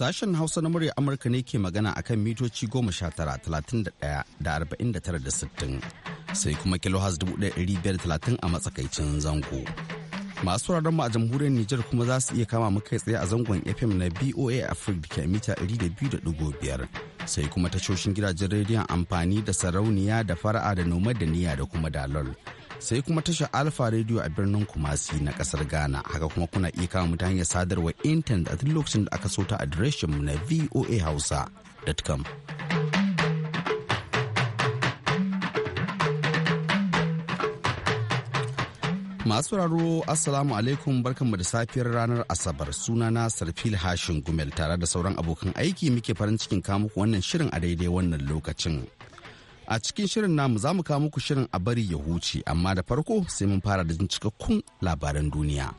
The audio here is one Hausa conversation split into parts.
Sashen Hausa na murya Amurka ne ke magana akan mitoci goma sha tara talatin da ɗaya da arba'in da tara da sittin sai kuma kilohaz dubu ɗaya ɗari biyar talatin a matsakaicin zango. Masu wuraren mu a jamhuriyar Nijar kuma za su iya kama mu kai tsaye a zangon FM na BOA Africa ke mita ɗari da biyu da ɗigo biyar sai kuma tashoshin gidajen rediyon amfani da sarauniya da fara'a da noma da niyya da kuma dalol. sai kuma tashar alfa radio a birnin kumasi na kasar ghana haka kuma kuna iya kama mu ta hanyar sadarwar intanet a duk lokacin da aka so ta adireshin mu na hausa.com Masu raro Assalamu alaikum barkanmu da safiyar ranar Asabar sunana Sarfil Hashin Gumel tare da sauran abokan aiki muke farin cikin kamuku wannan shirin a daidai wannan lokacin. A cikin shirin namu za mu kawo muku shirin a bari ya huce, amma da farko sai mun fara da cikakkun labaran duniya.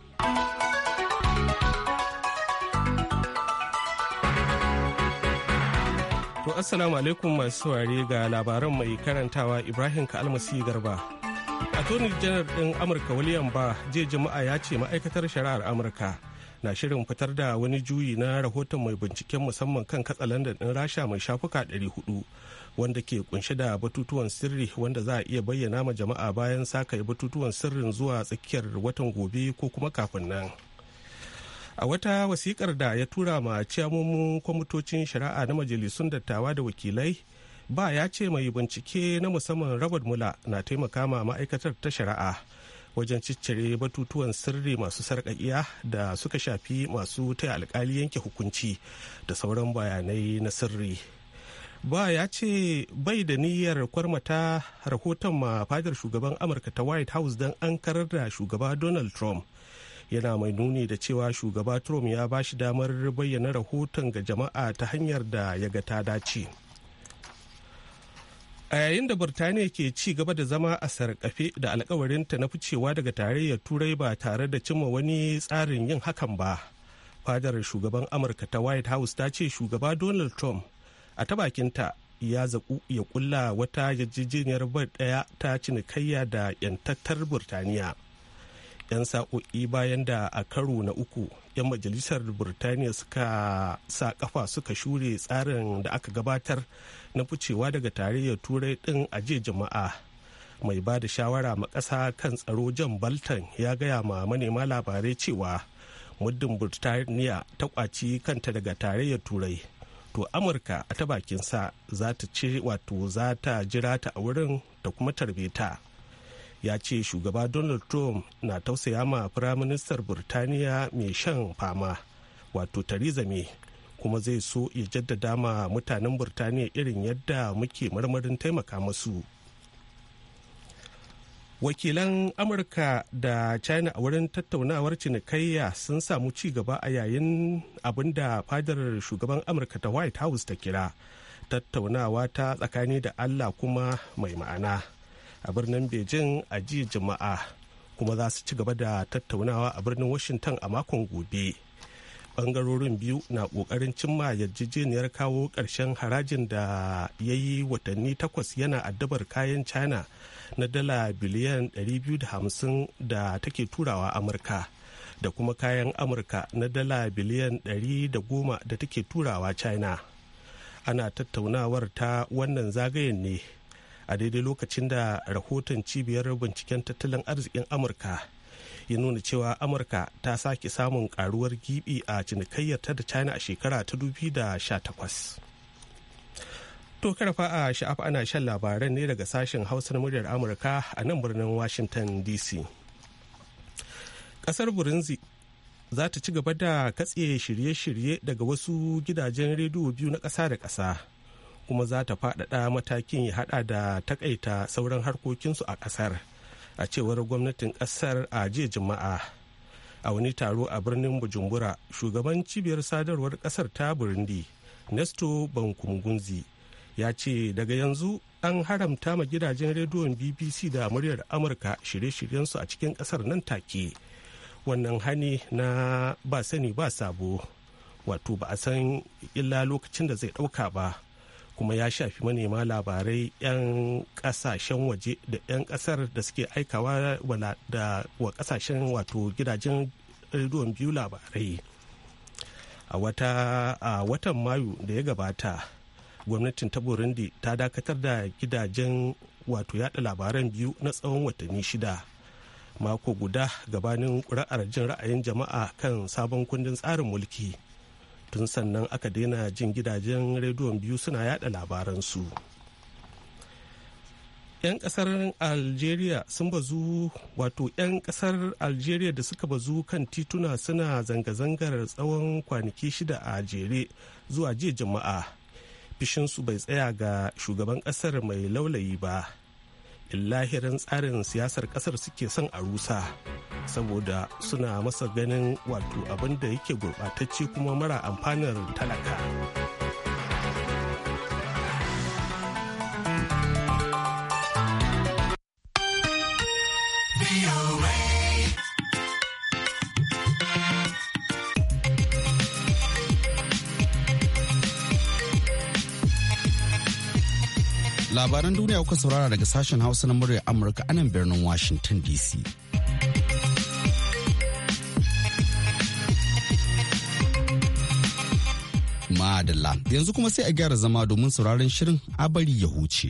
To Assalamu alaikum masu saurare ga labaran mai karantawa Ibrahim Kalmasi Garba. Attorney General ɗin Amurka William ba jiya jama'a ya ce ma'aikatar shari'ar Amurka na shirin fitar da wani juyi na rahoton mai binciken musamman kan katsalandan ɗin Rasha mai shafuka 400 wanda ke kunshi da batutuwan sirri wanda za a iya bayyana ma jama'a bayan saka batutuwan sirrin zuwa tsakiyar watan gobe ko kuma kafin nan a wata wasikar da ya tura ma ciyamomin kwamitocin shari'a na majalisun dattawa da wakilai ba ya ce mai bincike na musamman robert mula na taimaka ma ma'aikatar ta shari'a wajen ciccire batutuwan sirri masu sarƙaƙiya da suka shafi masu taya alƙali yanke hukunci da sauran bayanai na sirri ba ya ce bai da niyyar kwarmata rahoton ma fadar shugaban amurka ta white house don an karar da shugaba donald trump yana mai nuni da cewa shugaba trump ya ba shi damar bayyana rahoton ga jama'a ta hanyar da ya ga ta dace a yayin da birtaniya ke ci gaba da zama a sarkafe da alkawarinta na ficewa daga tarayyar turai ba tare da cimma wani tsarin yin hakan ba fadar shugaban amurka ta white house ta ce shugaba donald trump a ta bakinta ya zaku ya kulla wata yarjejeniyar bar daya ta cinikayya da yantattar burtaniya yan sa'o'i bayan da a karo na uku yan majalisar burtaniya suka sa kafa suka shure tsarin da aka gabatar na ficewa daga tarayyar turai din aje jama'a mai ba da shawara ma ƙasa kan tsaro jan baltan ya gaya ma manema labarai cewa muddin burtaniya ta kwaci kanta daga tarayyar turai to amurka a ta bakinsa za ta ce wato za ta jira ta a wurin ta kuma tarbe ta ya ce shugaba donald trump na tausaya ma firaministar burtaniya mai shan fama wato theresa may kuma zai so ya jaddada ma mutanen burtaniya irin yadda muke marmarin taimaka masu wakilan amurka da china a wurin tattaunawar cinikayya sun samu ci gaba a yayin abin da fadar shugaban amurka ta white house ta kira tattaunawa ta tsakani da allah kuma mai ma'ana a birnin beijing a jiya juma'a kuma za su ci gaba da tattaunawa a birnin washington a makon gobe bangarorin biyu na kokarin cimma yarjejeniyar kawo karshen harajin da ya yi watanni takwas yana addabar kayan china na dala biliyan 250 da take turawa amurka da kuma kayan amurka na dala biliyan 110 da take turawa china ana tattaunawar ta wannan zagayen ne a daidai lokacin da rahoton cibiyar binciken tattalin arzikin amurka ya nuna cewa amurka ta sake samun karuwar gibi a cinikayyar ta da china a shekara ta 2018 To karfa a sha'af ana shan labaran ne daga sashen hausar muryar Amurka a nan birnin Washington DC. Kasar Burundi za ta ci gaba da katse shirye-shirye daga wasu gidajen rediyo biyu na ƙasa da ƙasa kuma za ta faɗaɗa matakin ya haɗa da takaita sauran harkokinsu a ƙasar a cewar gwamnatin ƙasar a jiya juma'a a wani taro a birnin bujumbura shugaban cibiyar sadarwar ƙasar ta burundi nesto bankungunzi ya ce daga yanzu an haramta ma gidajen rediyon bbc da muryar amurka shirye-shiryensu a cikin kasar nan take wannan hani na ba sani ba sabo wato ba a san illa lokacin da zai ɗauka ba kuma ya shafi manema labarai 'yan kasashen waje da 'yan kasar da suke aikawa da wa kasashen wato gidajen rediyon biyu labarai a watan mayu da ya gabata gwamnatin ta burundi ta dakatar da gidajen wato yada labaran biyu na tsawon watanni shida mako guda gabanin ƙuri'ar jin ra'ayin jama'a kan sabon kundin tsarin mulki tun sannan aka daina jin gidajen rediyon biyu suna yada labaransu 'yan kasar algeria sun bazu wato 'yan kasar algeria da suka bazu kan tituna suna zanga-zangar tsawon kwanaki shida a jere zuwa jiya jama'a su bai tsaya ga shugaban ƙasar mai laulayi ba illahirin tsarin siyasar ƙasar suke son a rusa saboda suna masa ganin wato abin da yake gurɓatacce kuma mara amfanar talaka. labaran duniya kuka saurara daga sashen hausa na murya amurka anan birnin washington dc madalla yanzu kuma sai a gyara zama domin sauraron shirin abari ya huce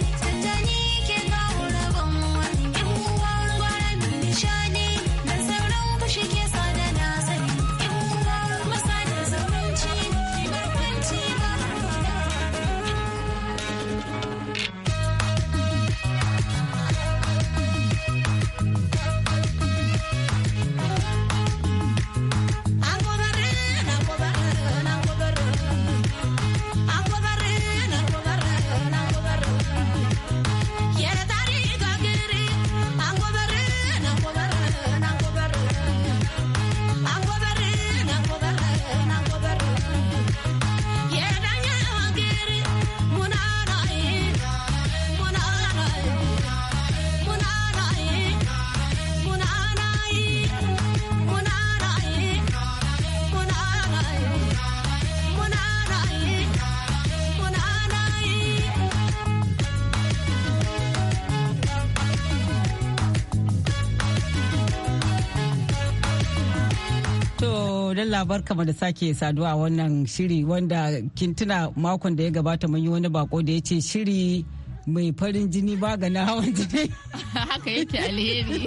bar kama da sake saduwa wannan shiri wanda kin tuna makon da ya gabata mun yi wani bako da ya ce shiri mai farin jini ba ga na hawan jini. Haka yake alheri.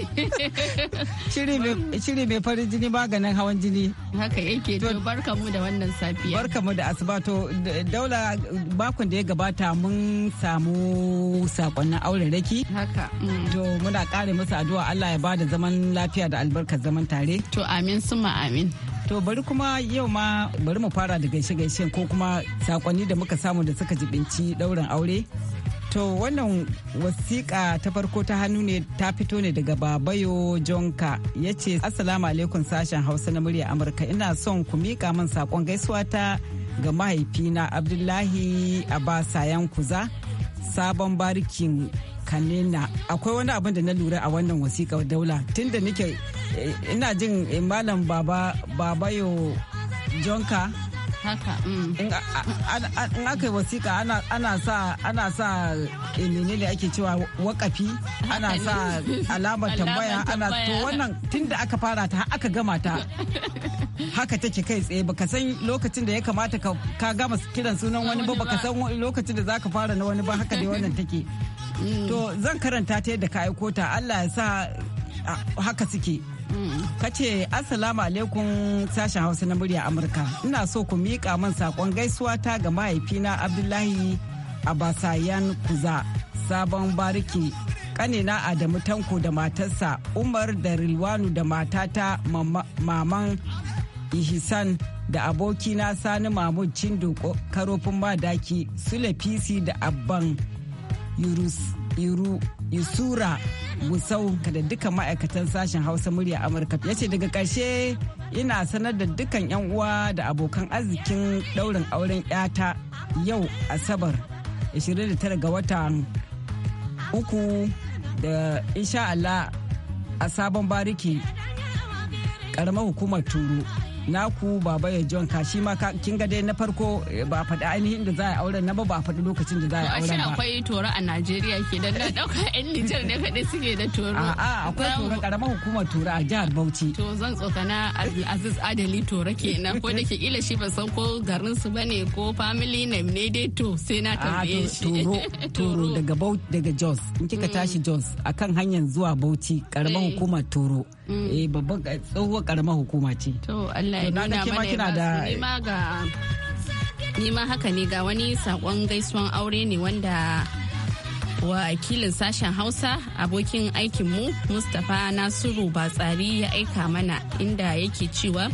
Shiri mai farin jini ba ga nan hawan jini. Haka yake to barka mu da wannan safiya. Barka mu da asuba to daula bakon da ya gabata mun samu sakonnin auren raki. Haka. Mm. To muna kare masa addu'a Allah ya bada zaman lafiya da albarkar zaman tare. To amin suma amin. To bari kuma yau ma bari mu fara da gaishe-gaishen ko kuma sakonni da muka samu da suka jibinci ɗaurin aure. To wannan wasiƙa ta farko ta hannu ne ta fito ne daga Babayo Jonka ya ce Assalamu alaikum sashen Hausa na murya Amurka ina son ku miƙa min saƙon gaisuwa ta ga mahaifina Abdullahi Abasa Kuza sabon barikin Kanena akwai wani abin da na lura a wannan wasiƙa daula tunda nake ina jin eh, malam baba yo jonka haka mm. in aka yi wasiƙa ana sa ana sa eh, menene ake cewa wakafi ana sa alamar tambaya ana to wannan tun da aka fara ta aka gama ta haka take kai tsaye baka san lokacin da ya kamata ka gama kiran sunan wani ba baka san lokacin da za ka fara na wani ba haka dai wannan take mm. to zan karanta ta yadda ka aiko ta Allah ya sa haka suke kace ce assalamu alaikum sashen hausa na murya amurka ina so ku miƙa man saƙon gaisuwa ta ga mahaifina abdullahi abasayan kuza sabon bariki kanina adamu tanko da matarsa umar da rilwanu da matata maman ihisan da abokina sani mahmud cindo karofin madaki sule pc da abban yurus iru isura Musau da dukkan ma'aikatan sashen hausa murya amurka ya ce daga ƙarshe ina sanar da dukkan 'yan uwa da abokan arzikin daurin auren 'yata yau asabar 29 ga watan uku da insha Allah a sabon bariki karamar hukumar turu naku baba ya john ka shi ma kin ga dai na farko eh, ba faɗi ainihin da za a auren na ba ba faɗi lokacin da za a auren ba. akwai toro a Najeriya ke da na ɗauka 'yan Nijar da kaɗai suke da toro. A'a akwai toro ƙaramar hukumar toro a jihar Bauchi. To zan tsokana Aziz Adali toro kenan ko da ke ƙila shi ba san ko garin su bane ko family name ne dai to sai na tambaye shi. Toro toro daga Bauchi daga Jos in kika mm. tashi Jos akan hanyar zuwa Bauchi ƙaramar eh. hukumar toro. Mm. Eh babban eh, tsohuwar ƙaramar hukuma ce. To Allah Allah nuna mana ma ga nima haka ne ga wani sakon gaisuwan aure ne wanda wakilin sashen hausa abokin aikinmu mustapha nasiru batsari ya aika mana inda yake cewa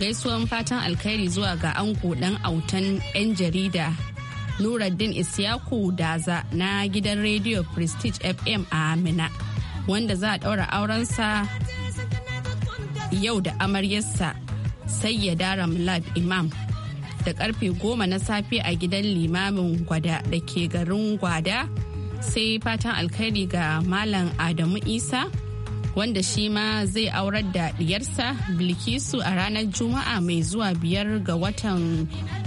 gaisuwan fatan alkhairi zuwa ga ango dan autan 'yan jarida Nuruddin isyaku Daza na gidan Radio Prestige FM a Amina wanda za a ɗaura aurensa yau da amaryarsa sai ya dara lab imam da karfe goma na safe a gidan limamin gwada da ke garin gwada sai fatan alkhairi ga malam adamu isa wanda shi ma zai aurar da diyarsa bilkisu a ranar juma'a mai zuwa biyar ga watan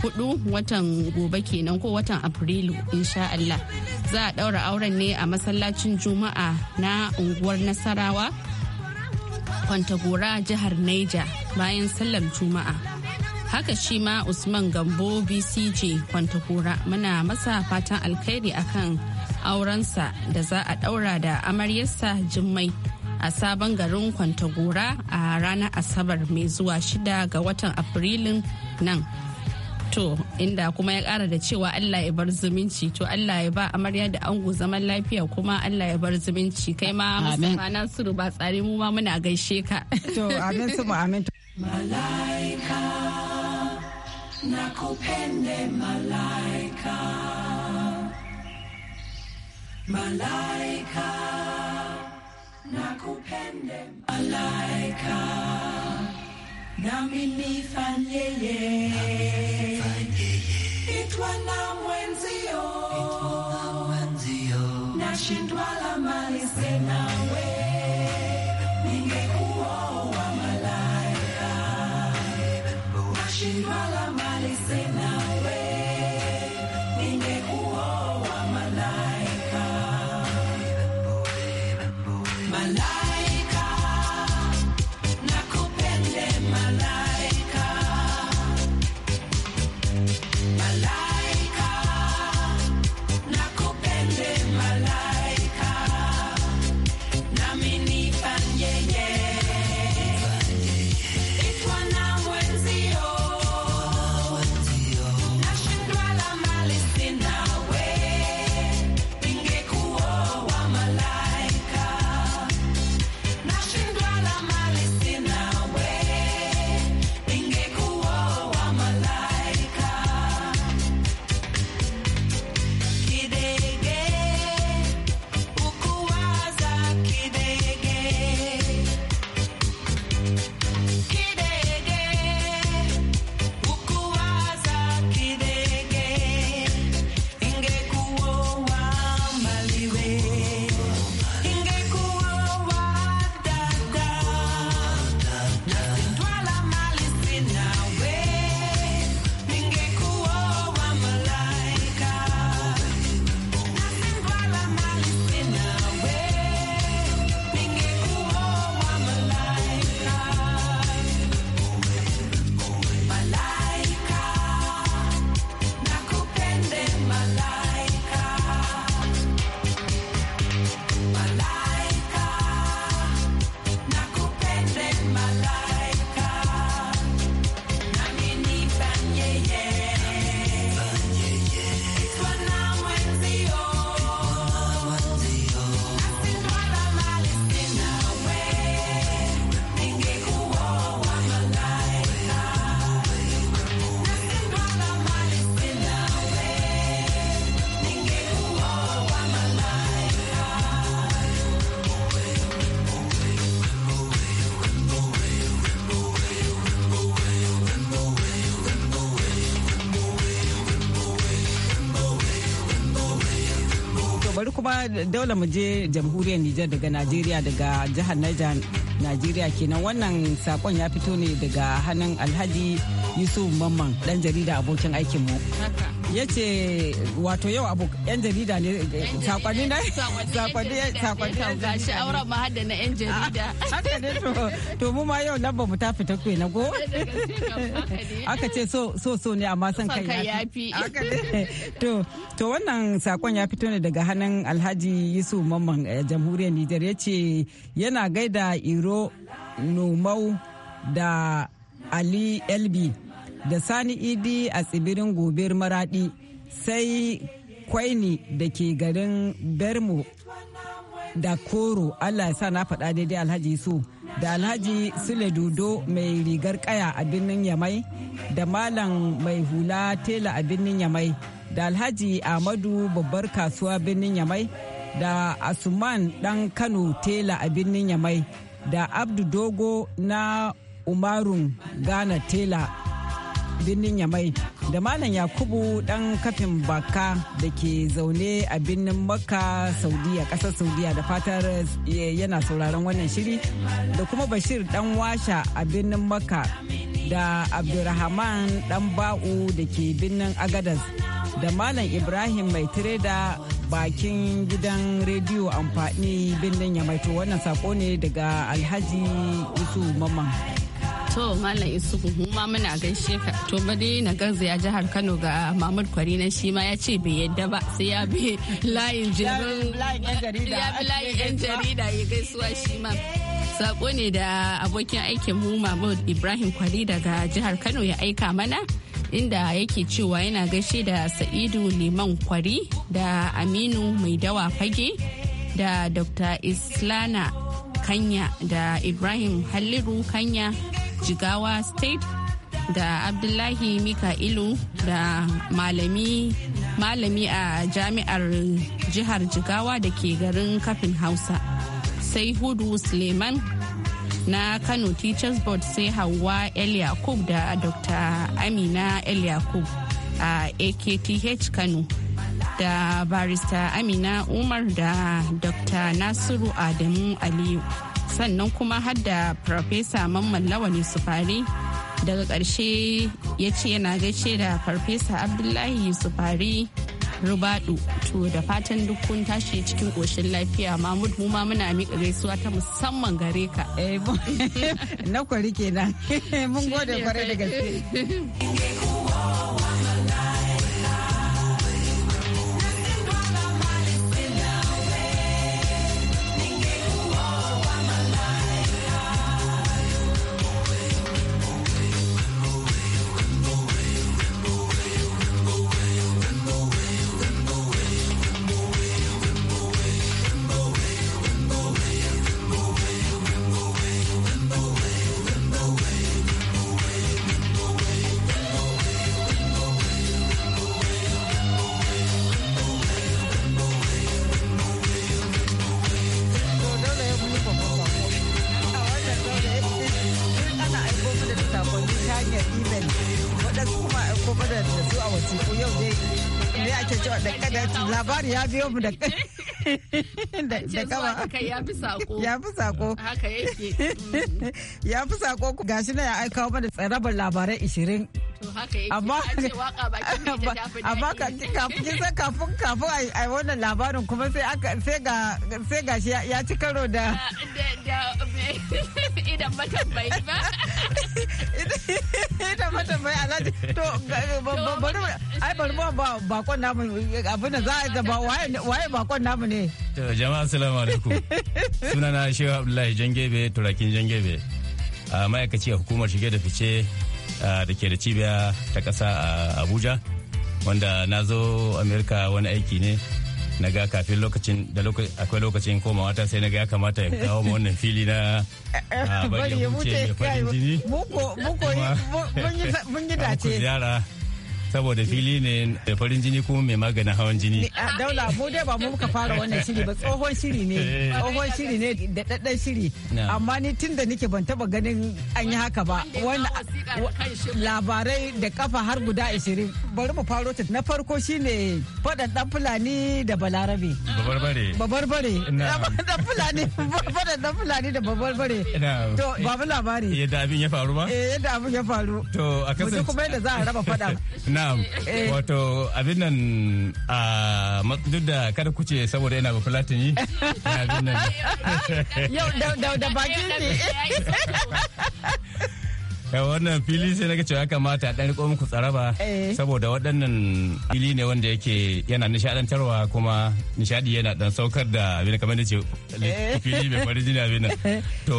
hudu watan gobe kenan ko watan afrilu insha Allah za a daura auren ne a masallacin juma'a na unguwar nasarawa kwantagora jihar Neja bayan sallar Juma'a. Haka shi ma Usman Gambo BCJ kwantagora muna masa fatan alkhairi akan aurensa da za a daura da amaryarsa Jummai a sabon garin kwantagora a ranar Asabar mai zuwa shida ga watan Afrilun nan. to inda kuma ya kara da cewa Allah ya bar zumunci to Allah ya ba amarya da ango zaman lafiya kuma Allah ya bar zumunci kai ma Mustapha Nasiru ba tsare mu ma muna gaishe ka to amin su mu amin malaika nakupende malaika malaika nakupende malaika nami nifanyeye itwa na mwenzio nashindwa la mali sena bari kuma daula mu je jamhuriyar Nijar daga Najeriya daga jihar Niger Najeriya kenan wannan sakon ya fito ne daga hannun Alhaji Yusuf Mamman dan jarida abokin aikin mu. Haka. ya ce wato yau abu yan jarida ne sakonni na sakonni sakonni ga shi auren ma na yan jarida ah, haka ne to to mu ma yau lamba mu ta fita kwe na go aka ce so so so ne amma san kai yafi to to wannan sakon ya fito ne daga hannun Alhaji Yusuf Mamman eh, jamhuriyar Nijar ya ce yana gaida Iro Nomau da Ali Elbi da sani idi a tsibirin gobir maradi sai kwaini da ke garin bermo da koro allah sa na faɗa daidai alhaji su da alhaji sule dodo mai rigar kaya a birnin yamai da malam mai hula tela a birnin yamai da alhaji Amadu babbar kasuwa birnin yamai da asuman dan kano tela a birnin yamai da abdu dogo na umarun ghana tela birnin Yamai da Malam Yakubu dan kafin baka da ke zaune a birnin Makka Saudiya kasar Saudiya da fatar yana sauraron wannan shiri da kuma Bashir dan washa a birnin Makka da Abdulrahman dan ba'u da ke birnin Agadas da Malam Ibrahim mai tireda bakin gidan rediyo amfani birnin Yamai to wannan sako ne daga Alhaji Yusuf Mamman. To Malam Isuhu mu ma muna gaishe ka. To ba dai na ya jihar Kano ga Mahmud Kwari na shi ma ya ce bai yadda ba sai ya bi layin yan jarida ya gaisuwa shi ma. Sako ne da abokin aikin mu Mahmud Ibrahim Kwari daga jihar Kano ya aika mana. inda yake cewa yana gaishe da sa'idu liman kwari da aminu mai dawa fage da dr islana kanya da ibrahim halliru kanya jigawa state da abdullahi mika'ilu da malami malami a jami'ar jihar jigawa da ke garin kafin hausa sai hudu suleiman na kano teachers board sai hauwa el yakub da dr amina el yakub a akth kano da barista amina umar da dr nasiru adamu aliyu sannan kuma har da farfesa mamman lawani sufari daga ƙarshe ya ce yana gaishe da farfesa abdullahi sufari rubadu to da fatan duk kun tashi cikin koshin lafiya mahmud mu ma muna mika gaisuwa ta musamman gare ka eh, na kwari kenan mun gode kwarai da gaske haka da labari ya biyo mu da kama ya fi sako ya fi sako haka yake ya fi sako ga shi na ya aika mana tsarabar labarai 20 amma amma kafin kafin kafin a wannan labarin kuma sai aka sai ga shi ya ci karo da idan matambai ba idan matambai alhaji to bari ai bari mu ba bakon namu abin da za a ga waye bakon namu ne to jama'a assalamu alaikum sunana shehu abdullahi jangebe turakin jangebe a ma'aikaci a hukumar shige da fice da ke da cibiya ta ƙasa a abuja wanda na zo amerika wani aiki ne na ga kafin lokacin da akwai lokacin komawa ta sai na ga ya kamata ya kawo ma wannan fili na bari ya huce mai farin jini mun yi dace saboda fili ne da farin jini kuma mai maganin hawan jini. Daula mu dai ba mu muka fara wannan shiri ba tsohon shiri ne eh. tsohon shiri ne da daddan shiri amma ni tun da nake ban taɓa ganin an yi haka ba wani labarai da kafa har guda 20 bari mu faro ta na farko shine faɗan ɗan fulani da balarabe. Babarbare. Babarbare. Dan fulani fadan dan fulani da babarbare. To babu labari. Yadda abin ya faru ba? Eh yadda abin ya faru. To a kasance. Mutu kuma yadda za a raba fadan. na'am eh. wato abin nan a duk da kada kuce saboda yana ba fulatini abin nan yau da bakin ne Eh, wannan fili sai naga cewa kamata dan riko muku tsaraba eh. saboda waɗannan fili ne wanda yake yana nishadantarwa kuma nishadi yana dan saukar da abin kamar ce eh. fili mai farin jini abin nan to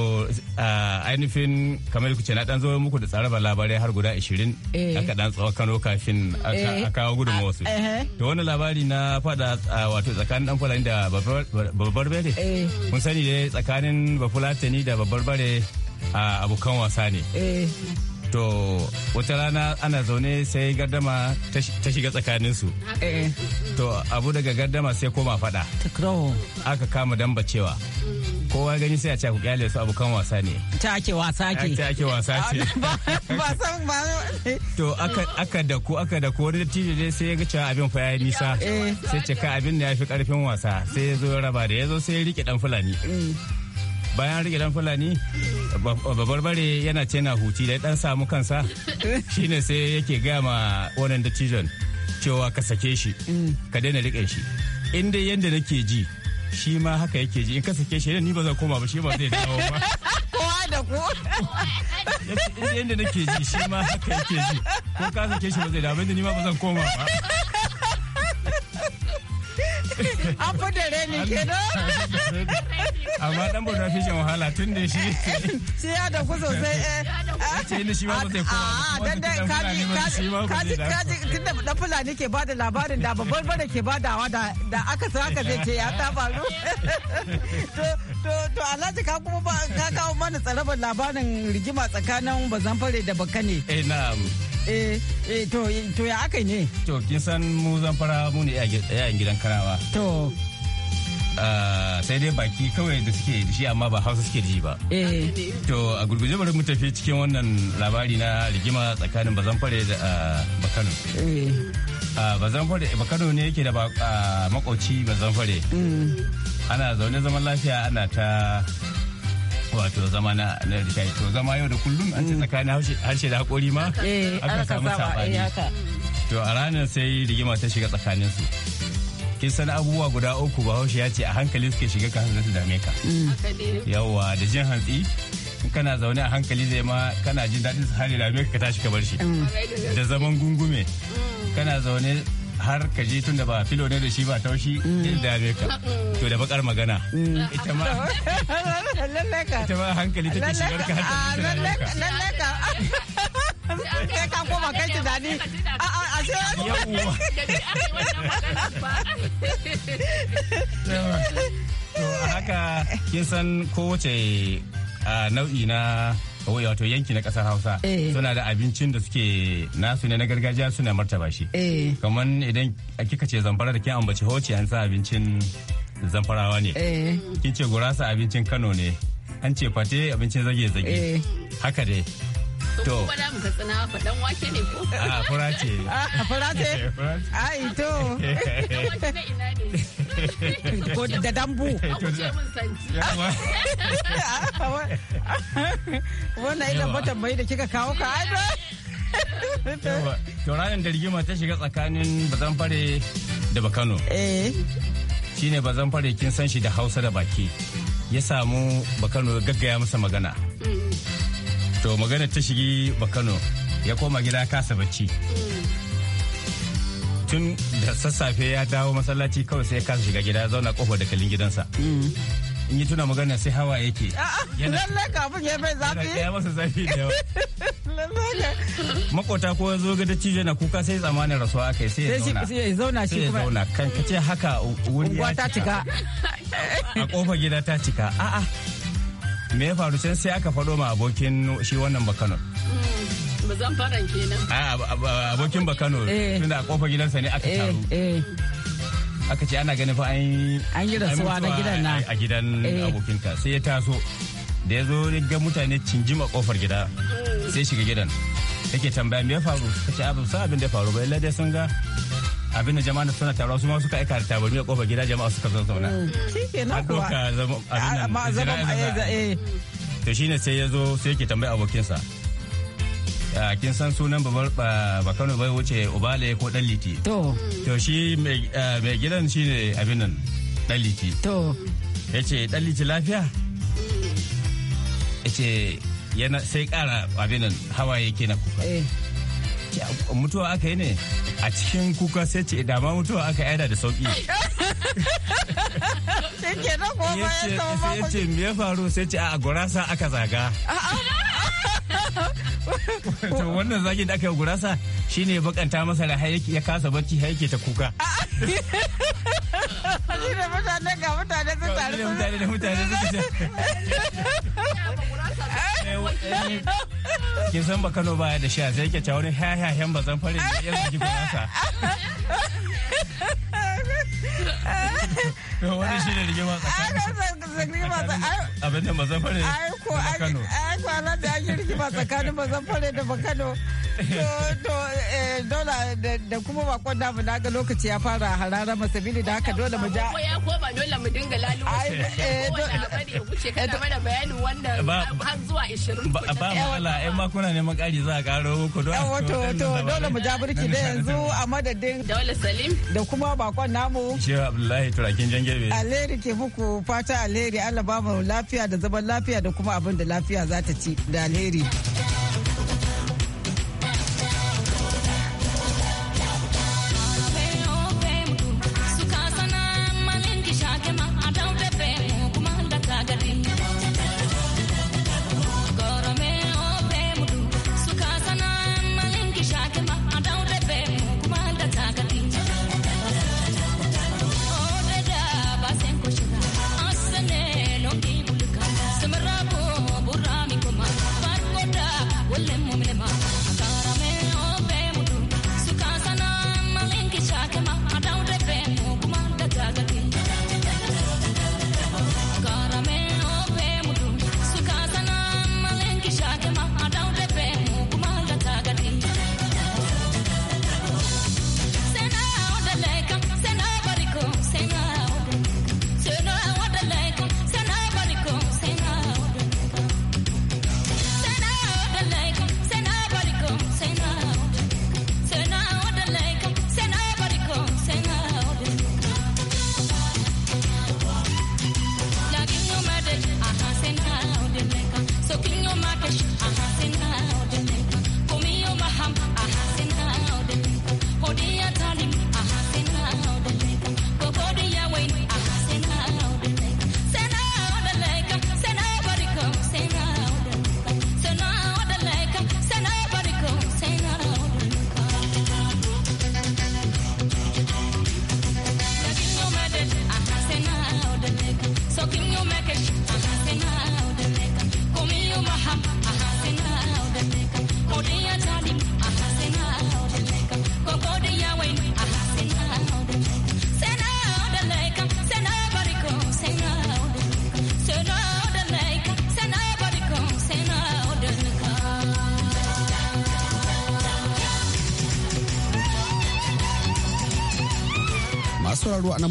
ainihin kamar ku ce na dan zo muku da tsaraba labarai har guda 20 aka dan tsawo Kano kafin a kawo gudun wasu ah, to wannan labari na fada wato tsakanin dan fulani da babbar bare mun sani dai tsakanin bafulatani da babbar bare A abokan wasa ne eh. to wata rana ana zaune sai gardama ta shiga tsakaninsu eh. to abu daga gardama sai koma fada aka kama damba cewa kowa gani sai a ce ku kyale su abokan wasa ne ta ake wasa ke ta ake wasa ce ba san ba to aka da ku aka da ku wani dattijo dai sai ya ga cewa abin fa yi nisa eh. sai ce ka abin ne ya fi karfin wasa sai ya zo raba da ya zo sai ya rike dan fulani mm. bayan rike dan fulani babarbare yana ce na huci da dan samu kansa shine sai yake gaya ma wannan decision cewa ka sake shi mm. ka daina rike shi in dai yanda nake ji shi ma haka yake ji in ka sake shi ni ba zan koma ba shi ba zai dawo ba kowa da ko in yanda nake ji shi ma haka yake ji ko ka sake shi ba zai dawo ba ni ma ba zan koma ba an fada reni kenan amma dan bauta fi shan wahala tun da shi shi ya da ku sosai ce eh. ni shi ma ba ta ko ah, dan dan kaji kaji kaji tun da dan fulani ke bada labarin da babbar bare ke badawa da da aka sa aka zai ce ya ta faru to to to Alhaji ka kuma ka kawo mana tsarabar labarin rigima tsakanin bazan fare da bakane eh na'am eh eh to eh, to ya aka ne to kin san mu zan fara mu ne yayin gidan karawa to ah, sai dai baki kawai da suke da shi amma ba hausa suke da shi ba. Eh. To a gurguje bari mu tafi cikin wannan labari na rigima tsakanin bazanfare da ah, bakano. Eh. Ah, bazanfare bakano ne yake da makwauci bazanfare. Mm. Ana zaune zaman lafiya ana ta wato zama na na to zama yau da kullum an ce mm. tsakanin harshe da haƙori ma eh, aka samu sabani eh, to a ranar sai rigima ta shiga tsakanin su kin san abubuwa guda uku ba haushe ya ce a hankali suke shiga ka hanzu dame ka mm. yawa da jin hantsi kana zaune a hankali zai ma kana jin daɗin su hali dame ka tashi ka bar shi mm. da zaman gungume kana zaune har ka je tun da ba filo ne da shi ba taushi jin mm. dame ka to da bakar magana mm. ita ma ita ma hankali take shigar ka ah, ka sai ka koma kai tunani a a a to haka kin san kowace ah, nau'i na wato yanki na kasar hausa eh. suna da abincin da suke nasu ne na gargajiya suna martaba shi eh. kamar idan kika ce zamfara da kin ambaci hoci an sa abincin zamfarawa ne eh. kin ce gurasa abincin kano ne an ce fate abincin zage-zage haka dai to kuma da muka tsina fa wake ne ko a ah, fura ce ah, a fura ce ai to ko da dambu Wanda ita ba tambayi da kika kawo ka ai ba to ranar da rigima ta shiga tsakanin bazan fare da bakano eh. shine bazan fare kin san shi da hausa da baki ya samu bakano gaggaya masa magana to magana ta shigi bakano ya koma gida kasa bacci tun da sassafe ya dawo masallaci kawai sai ya kasa shiga gida ya zauna kofar da kalin gidansa mm. in yi tuna magana sai hawa yake Lalle kafin ya bai zafi ya masa zafi da yawa makota ko zo ga dattijo na kuka sai tsamanin rasuwa aka yi sai ya zauna sai ya zauna kan kace haka wuri ya cika a kofar gida ta cika a'a me ya faru can sai aka faɗo ma abokin shi wannan bakanon zan Muzamfaran kenan. Ah, abokin Bakano eh. tunda a kofar gidansa ne aka eh, taru. Eh. Aka ce ana ganin fa an an yi rasuwa na gidan na a gidan abokinka sai ya taso da ya zo ga mutane cinjima kofar gida sai shiga gidan yake tambaya me ya faru ce abin ah, sa abin da ya faru ba lalle sun ga abin da jama'a suna taruwa su ma suka aika da tabarmi a kofar gida jama'a suka zo zauna. Shi kuwa. Har doka zama abin nan. To shine sai ya zo sai yake tambaya abokinsa. Eh, kin san sunan babar eh, bakano bai wuce obale ko dan liti to to shi mai eh, gidan shine ne abinan dan liti to yace dan liti lafiya ce yana sai kara abinan hawa hawaye ke na kuka mutuwa aka yi ne a cikin kuka sai ce dama mutuwa aka yada da sauki ya ce me ya faru sai ce a gurasa aka zaga a'a to wannan zagin da aka yi gurasa shine ya bakanta masa da ya kasa barci har yake ta kuka shi mutane ga mutane sun taru sun mutane da mutane sun kin san ba Kano baya da sha sai yake ta wani hayayen bazan fare da ya zaki gurasa wani shi ne rigima tsakanin abin da mazan fare da kano ai kwanan da tsakanin mazan fare da bakano Eh, Dola da kuma bakon namu mu ga lokaci ya fara harara masabili da haka dole mu ja. Ko ya ko ba dole mu dinga eh, wuce eh, kada mana bayanin wannan har zuwa 20. Ba wahala ai ma kuna neman ƙari za a ƙaro ko dole. Wato to dole mu ja burki da yanzu a madadin. Dole Salim. Da kuma bakon namu. Shehu Abdullahi Turakin Jangirbe. Alheri ke muku fata alheri Allah ba mu lafiya da zaman lafiya da kuma abin da lafiya za ta ci da alheri.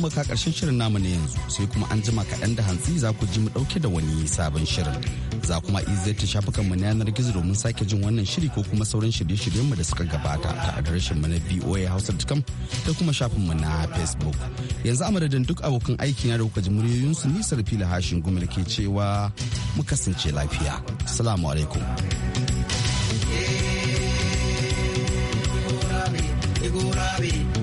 muka karshen shirin namu ne yanzu sai kuma an jima kaɗan da hantsi za ku ji mu ɗauke da wani sabon shirin. Za kuma ta shafukan mu na yanar gizo domin sake jin wannan shiri ko kuma sauran shirye-shiryen mu da suka gabata ta adireshin mu na voahausa.com da kuma shafin mu na Facebook. Yanzu a madadin duk abokan aiki na da kuka ji muryoyinsu nisar fila hashin gumil ke cewa mu kasance lafiya. Salamu alaikum. Gurabi,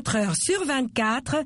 24 h sur 24,